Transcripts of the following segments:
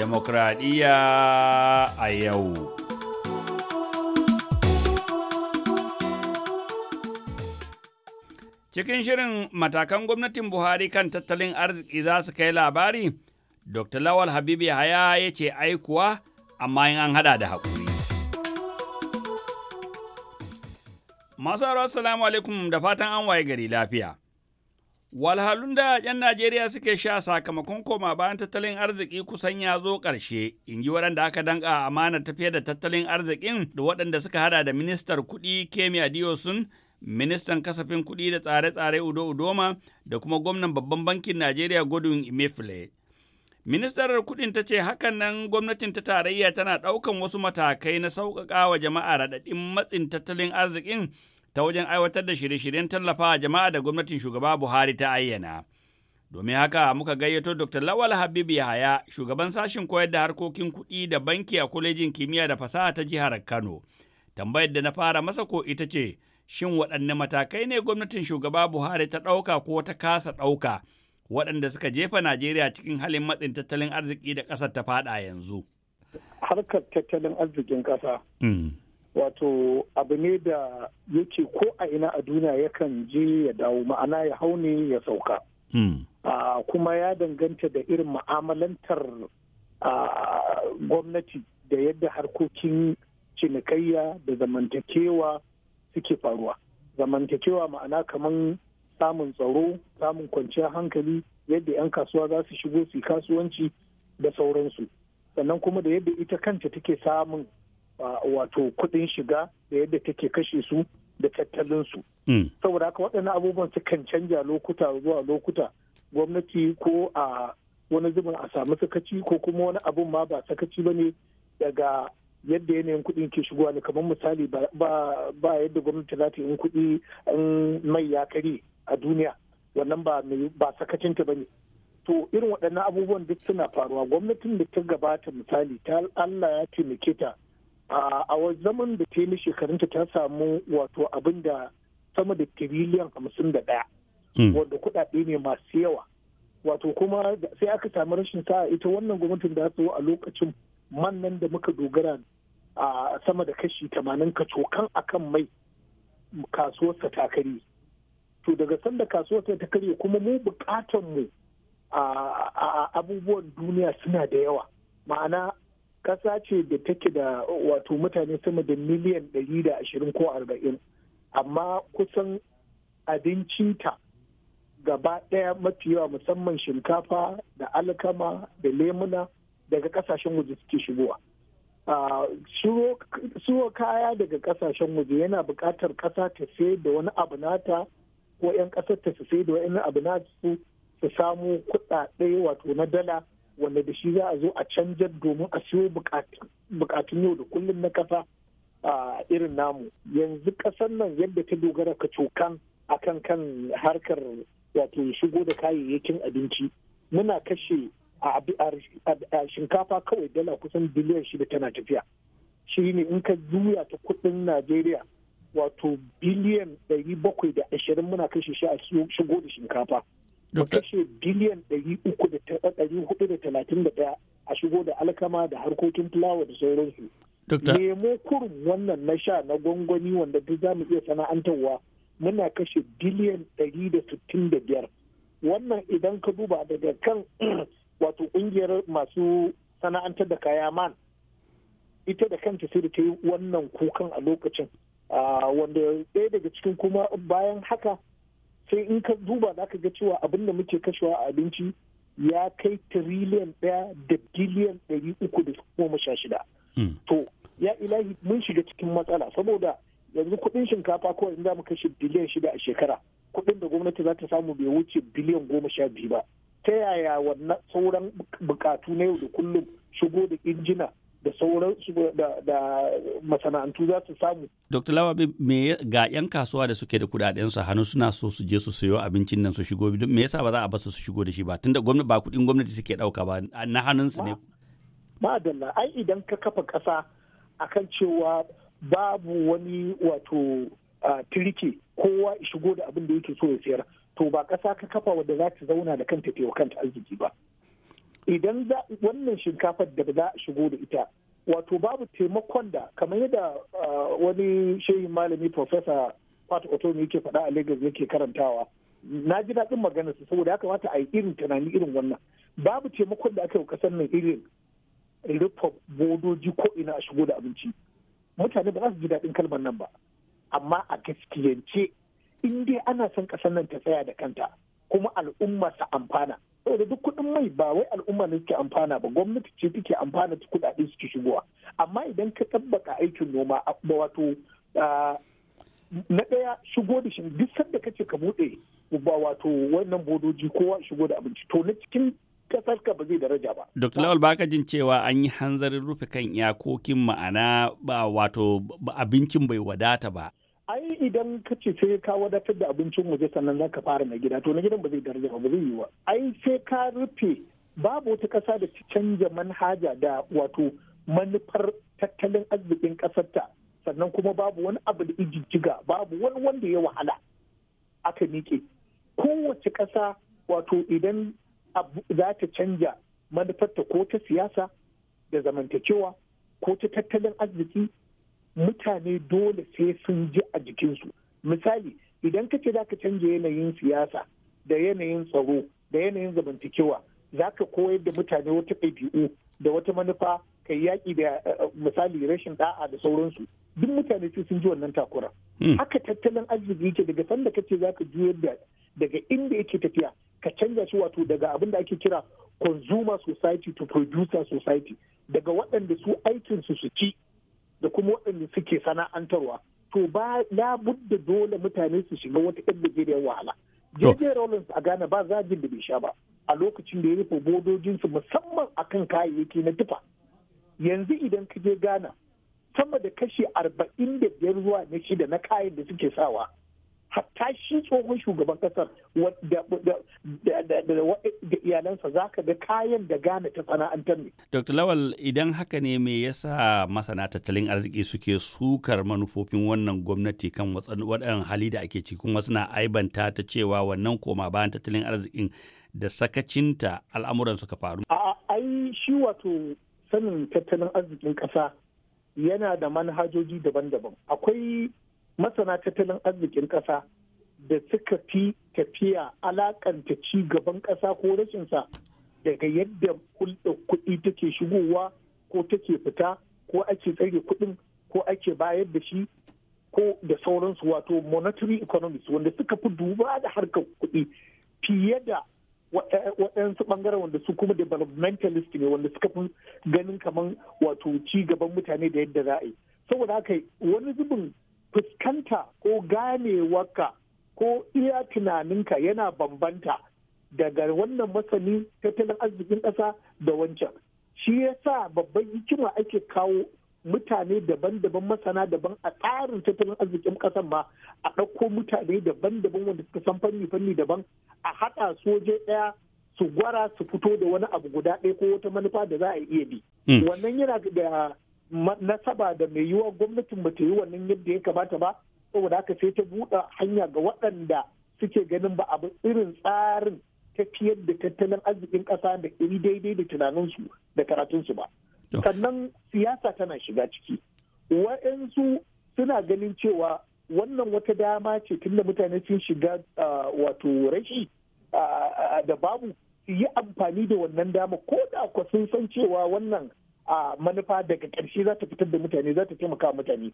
demokradiyya a yau. Cikin shirin matakan gwamnatin Buhari kan tattalin arziki za su kai labari, Dr. Lawal Habibu Yahaya ya ce aikuwa amma yin an hada da haƙuri. Masu salamu alaikum da fatan an waye gari lafiya. Walhalun da 'yan Najeriya suke sha sakamakon koma bayan tattalin arziki kusan ya zo ƙarshe, in ji waɗanda aka danƙa amanar tafiye da tattalin arzikin da waɗanda suka hada da ministar kuɗi Kemi Adiosun, ministan kasafin kuɗi da tsare-tsare Udo Udoma da kuma gwamnan babban bankin Najeriya Godwin Emefiele. Ministar kuɗin ta ce hakan nan gwamnatin ta tarayya tana ɗaukan wasu matakai na sauƙaƙa wa jama'a raɗaɗin matsin tattalin arzikin ta wajen aiwatar da shirye-shiryen tallafa a jama'a da gwamnatin shugaba Buhari ta ayyana. Domin haka muka gayyato Dr. Lawal Habibu Yahaya, shugaban sashen koyar da harkokin kuɗi da banki a kwalejin kimiyya da fasaha ta jihar Kano. Tambayar da na fara masa ko ita ce, shin waɗanne matakai ne gwamnatin shugaba Buhari ta ɗauka ko ta kasa ɗauka waɗanda suka jefa Najeriya cikin halin matsin tattalin arziki da ƙasar ta faɗa yanzu? Harkar tattalin arzikin ƙasa. Hmm. wato abu ne da yake ko a ina a duniya yakan je ya dawo ma'ana ya hau ne ya sauka hmm. kuma ya danganta da irin ma'amalantar gwamnati da yadda harkokin cinikayya da zamantakewa suke faruwa zamantakewa ma'ana kamar samun tsaro samun kwanciyar hankali yadda 'yan kasuwa za su shigo su kasuwanci da sauransu sannan kuma da yadda ita kanta take samun wato kuɗin shiga da yadda take kashe su da tattalin su. Mm. Saboda haka waɗannan abubuwan sukan canja lokuta zuwa lokuta gwamnati ko a wani zubin a samu sakaci ko kuma wani abun ma ba sakaci ba ne daga yadda yanayin kuɗin ke shigowa ne kamar misali ba yadda gwamnati za ta yi kuɗi mai ya kare a duniya wannan ba ba sakacinta ba ne to irin waɗannan abubuwan duk suna faruwa gwamnatin da ta gabata misali ta Allah ya taimake ta a zaman da ta yi shekarunta ta samu wato abin da sama da tiriliyan hamsin da ɗaya hmm. wanda kuɗaɗe ne masu yawa wato kuma sai aka sami rashin sa'a ita wannan gwamnatin da zo a lokacin mannan da muka dogara a sama da kashi tamanin ka kacokan akan mai kasuwarsa ta karye to daga sanda kasuwarsa ta karye kuma mu bukatanmu a abubuwan duniya suna da yawa ma'ana ƙasa ce da take da wato mutane sama da miliyan ɗari da ashirin ko arba'in amma kusan ta gaba ɗaya mafi yawa musamman shinkafa da alkama da lemuna daga kasashen waje suke shigowa suwo kaya daga kasashen waje yana bukatar ƙasa ta sai da wani abu nata ko 'yan ƙasar ta sai da wani abu nata su samu kuɗaɗe wato na dala wanda da shi za a zo a canjar domin a siyo bukatun yau da kullum na kasa a irin namu yanzu kasan nan yadda ta dogara ka cokan a kan kan harkar wato shigo da kayayyakin abinci muna kashe a shinkafa kawai dala kusan biliyan shida tana tafiya shi ne in ka juya ta kudin najeriya wato biliyan ɗari bakwai da ashirin muna kashe shi a shigo da shinkafa mu kashe biliyan ɗari uku da ɗari hudu da talatin da ɗaya a shigo da alkama da harkokin fulawa da sauransu. Nemo kurum wannan na sha na gwangwani wanda duk za mu iya sana'antarwa muna kashe biliyan ɗari da sittin da biyar. Wannan idan ka duba daga kan wato ƙungiyar masu sana'antar da kaya man ita da kanta sai da ta yi wannan kukan a lokacin. Ah, wanda ɗaya daga cikin kuma bayan haka sai in ka duba za ka ga cewa abin da muke kashewa a abinci ya kai tiriliyan ɗaya da biliyan ɗari uku da goma sha shida. Hmm. To, ya ilahi mun shiga cikin matsala saboda yanzu kuɗin shinkafa kawai in za mu kashe biliyan shida a shekara kuɗin da gwamnati za ta samu bai wuce biliyan goma sha biyu ba. Ta yaya wannan sauran bukatu na yau da kullum shigo da injina da sauran da masana'antu za su samu. Dr. Lawabi me ga 'yan kasuwa da suke da kudaden su hannu suna so su je su sayo abincin nan su shigo me yasa ba za a basu su shigo da shi ba tunda gwamnati ba kudin gwamnati suke dauka ba na hannun su ne. Ba dalla ai idan ka kafa kasa akan cewa babu wani wato tirike kowa shigo da abin da yake so ya sayar to ba kasa ka kafa wadda za ta zauna da kanta ta kanta arziki ba. idan wannan shinkafar da za a shigo da ita wato babu taimakon da kamar yadda wani shehin malami profesa Fata Otomi yake faɗa a Lagos yake karantawa na ji daɗin maganar su saboda ya kamata a yi irin tunani irin wannan babu taimakon da aka yi kasar nan irin rufe bodoji ko ina a shigo da abinci mutane ba za su ji daɗin kalmar nan ba amma a gaskiyance in dai ana son kasar nan ta tsaya da kanta kuma al'umma su amfana saboda duk kuɗin mai ba wai al'umma ne suke amfana ba gwamnati ce take amfana ta kuɗaɗe suke shigowa amma idan ka tabbaka aikin noma wato na ɗaya shigo da shi duk sanda kace ka buɗe ba wato wannan bodoji kowa shigo da abinci to na cikin kasar ka ba zai daraja ba. Dr. Lawal baka jin cewa an yi hanzarin rufe kan iyakokin ma'ana ba wato abincin bai wadata ba ai idan ka ce sai ka wadatar da abincin waje sannan za ka fara na gida to na gidan ba zai daraja ba zai yi wa ai sai ka rufe babu wata ƙasa da ta canja manhaja da wato manufar tattalin arzikin ƙasarta sannan kuma babu wani abu da ijijjiga babu wani wanda ya wahala aka miƙe kowace ƙasa wato idan za ta canja manufarta ko ta siyasa da zamantakewa ko ta tattalin arziki mutane dole sai sun ji a jikinsu misali idan ka ce za ka canja yanayin siyasa da yanayin tsaro da yanayin zamantakewa za ka koyar da mutane wata ɗabi'u da wata manufa ka yaƙi da eh, eh, misali rashin ɗa'a da sauransu duk mutane sai sun ji wannan takura hmm. haka tattalin arziki yake daga sanda kace za ka juyar da daga inda yake tafiya ka canza shi wato daga abin da ake kira consumer society to producer society daga waɗanda su aikinsu su ci da kuma waɗanda suke sana'antarwa to ba labudda dole mutane su shiga wata yan gajeriyar wahala jirgin rollins a ghana ba zagin da bai sha ba a lokacin da ya rufe bodojinsu musamman a kan kayayyaki na tufa yanzu idan ka je ghana sama da kashi arba'in da biyar zuwa na shida na kayan da suke sawa hatta shi tsohon shugaban kasar da iyalansa za ka ga kayan da gane ta sana'antar ne. Dr. Lawal idan haka ne me yasa masana tattalin arziki suke sukar manufofin wannan gwamnati kan waɗannan hali da ake ciki kuma suna aibanta ta cewa wannan koma bayan tattalin arzikin da sakacinta al'amuran suka faru. A ai shi wato sanin tattalin arzikin ƙasa yana da manhajoji daban-daban. Akwai masana tattalin arzikin ƙasa da suka fi tafiya alakanta ci gaban ƙasa ko rashinsa daga yadda hulɗar kuɗi take shigowa ko take fita ko ake tsare kuɗin ko ake bayar da shi ko da sauransu wato monetary economics wanda suka fi duba da harkar kuɗi fiye da waɗansu ɓangaren wanda su kuma developmentalist ne wanda suka fi ganin kamar wato ci gaban mutane da yadda za a yi saboda haka wani zubin fuskanta ko ganewarka ko iya tunaninka yana bambanta daga wannan masani tattalin arzikin ƙasa da wancan shi ya sa babban hikima ake kawo mutane daban-daban masana daban a tsarin tattalin arzikin ƙasan ma a ɗauko mutane daban-daban wanda suka san fanni-fanni daban a haɗa soje ɗaya su gwara su fito da wani abu guda ɗaya ko wata manufa da za a iya bi hmm. wannan yana da nasaba da mai yiwuwa gwamnatin ba ta yi wannan yadda ya kamata ba saboda haka sai ta buɗe hanya ga waɗanda suke ganin ba abu irin tsarin tafiyar da tattalin arzikin ƙasa da iri daidai da tunaninsu da karatunsu ba sannan siyasa tana shiga ciki wa'yansu suna ganin cewa wannan wata dama ce tunda mutane sun shiga wato rashi da babu su yi amfani da wannan dama ko da sun san cewa wannan manufa daga ƙarshe za ta fitar da mutane za ta taimaka mutane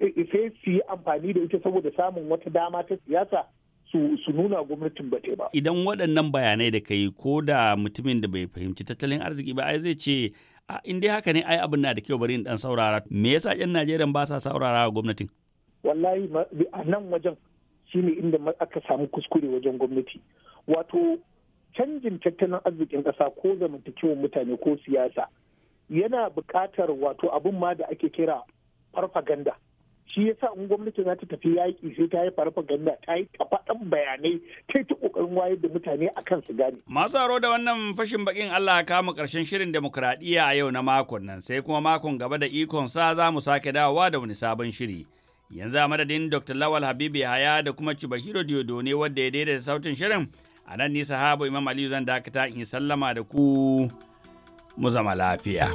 e, e, sai su yi amfani da ita saboda samun wata dama ta siyasa su nuna gwamnatin ba ba. Idan waɗannan bayanai da ka yi ko da mutumin da bai fahimci tattalin arziki ba ai zai ce in dai haka ne ai abin na da kyau bari in dan saurara me yasa ƴan Najeriya ba sa saurara wa gwamnatin? Wallahi a nan wajen shine inda aka samu kuskure wajen gwamnati. Wato canjin tattalin arzikin ƙasa ko zamantakewar mutane ko siyasa yana buƙatar wato abin ma da ake kira farfaganda shi yasa in gwamnati za ta tafi yaƙi sai ta yi farfaganda ta yi kafaɗan bayanai ta ta ƙoƙarin wayar da mutane a kan su gane. masu aro da wannan fashin bakin Allah kama ƙarshen shirin demokuraɗiyya a yau na makon nan sai kuma makon gaba da ikon sa za mu sake dawowa da wani sabon shiri. Yanzu a madadin Dr. Lawal Habibu Haya da kuma Cibahiro Diodo ne wanda ya daidaita sautin shirin a nan ni habu Imam Aliyu zan dakata in sallama da ku. mu zama lafiya.